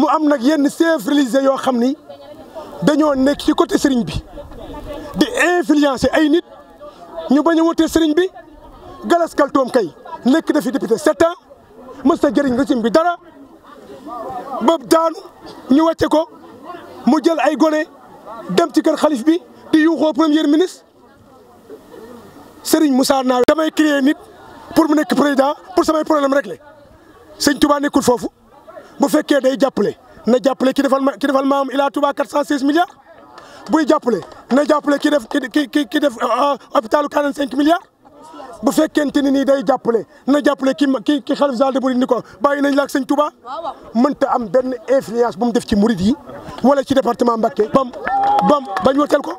mu am nag yenn chefs religieux yoo xam ni dañoo nekk ci côté sëriñ bi di influencer ay nit ñu bañ a wutee bi Galas Kaltoom kay nekk na fi député sept ans mës na jëriñ régime bi dara ba daanu ñu wàcce ko mu jël ay gone dem ci kër xalif bi di yuuxoo premier ministre Serigne naa Nawe damay créer nit pour mu nekk président pour samay problème réglé sëñ Touba nekkul foofu. bu fekkee day jàppale na jàppale ki defal ma ki defal maam Ila Touba 416 milliards buy jàppale na jàppale ki def ki ki ki def euh, euh, hôpitalu 45 milliards. bu fekkente ni nii day jàppale na jàppale ki ki ki xalif zaal de murid ni ko bàyyi nañ la ak sëñ Touba am benn influence bu mu def ci murid yi wala ci département Mbacké bam bam bañ wërtel ko